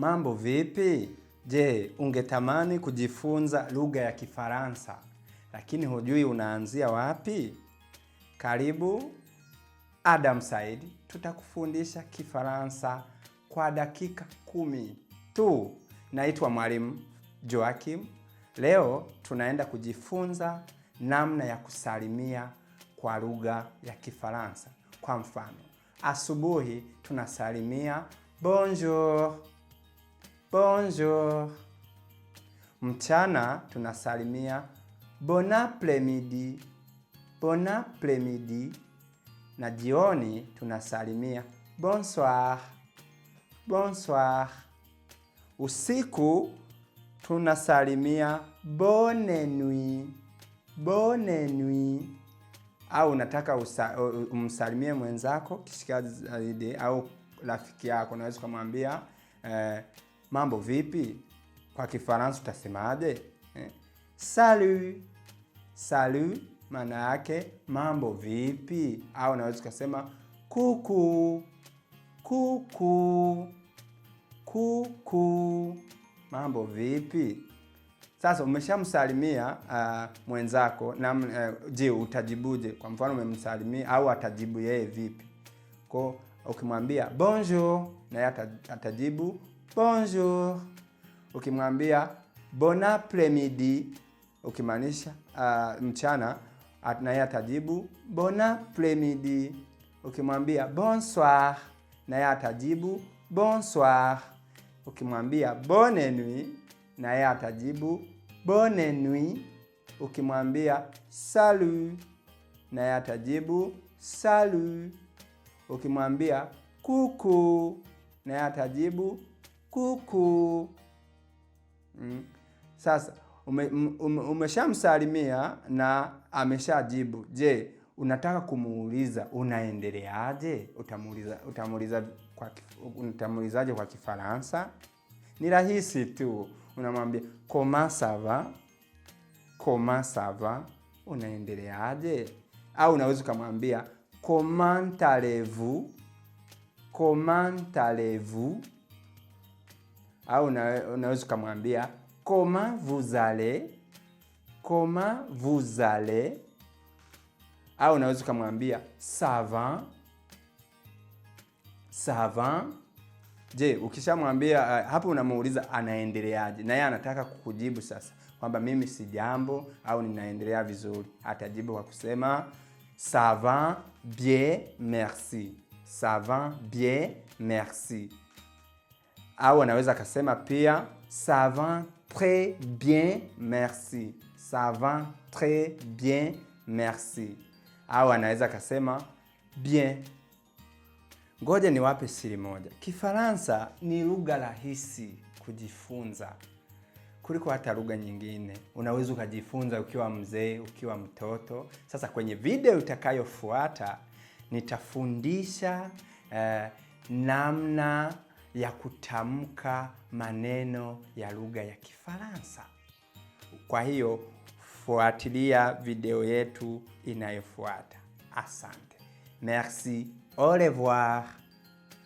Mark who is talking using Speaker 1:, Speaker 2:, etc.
Speaker 1: Mambo vipi? Je, ungetamani kujifunza lugha ya Kifaransa lakini hujui unaanzia wapi? Karibu Adam Said, tutakufundisha Kifaransa kwa dakika kumi tu. Naitwa Mwalimu Joakim. Leo tunaenda kujifunza namna ya kusalimia kwa lugha ya Kifaransa. Kwa mfano, asubuhi tunasalimia bonjour bonjour. Mchana tunasalimia bon apremidi, bon apremidi, na jioni tunasalimia bonsoir, bonsoir. Usiku tunasalimia bonne nuit, bonne nuit. Au unataka umsalimie mwenzako kishikaji zaidi au rafiki yako, unaweza ukamwambia eh, mambo vipi? Kwa Kifaransa utasemaje? Eh? Salut. Salut maana yake mambo vipi, au unaweza ukasema kuku kuku kuku, mambo vipi. Sasa umeshamsalimia uh, mwenzako na uh, eh, je, utajibuje? Kwa mfano umemsalimia au atajibu yeye vipi? Kwa ukimwambia bonjour, naye atajibu bonjour. Ukimwambia bon apremidi ukimaanisha uh, mchana, naye atajibu bon apremidi. Ukimwambia bonsoir, naye atajibu bonsoir. Ukimwambia bonne nuit, naye atajibu bonne nuit. Ukimwambia salut, naye atajibu salut. Ukimwambia kuku, naye atajibu kuku. Mm. Sasa ume, ume, umeshamsalimia na ameshajibu. Je, unataka kumuuliza unaendeleaje? Utamuuliza utamuuliza kwa utamuulizaje kwa Kifaransa? Ni rahisi tu, unamwambia comment komasava va, unaendeleaje? Au unaweza ukamwambia komantarevu, komantarevu, au unaweza ukamwambia koma vuzale, koma vuzale, au unaweza ukamwambia sava, sava. Je, ukishamwambia uh, hapo unamuuliza anaendeleaje, na yeye anataka kukujibu sasa kwamba mimi si jambo au ninaendelea vizuri. Atajibu kwa kusema sava bien merci, sava bien merci au anaweza akasema pia ça va très bien merci, ça va très bien merci, au anaweza akasema bien. Ngoja niwape siri moja. Kifaransa ni lugha rahisi kujifunza kuliko hata lugha nyingine. Unaweza ukajifunza ukiwa mzee, ukiwa mtoto. Sasa kwenye video itakayofuata nitafundisha eh, namna ya kutamka maneno ya lugha ya Kifaransa. Kwa hiyo fuatilia video yetu inayofuata. Asante. Merci. Au revoir.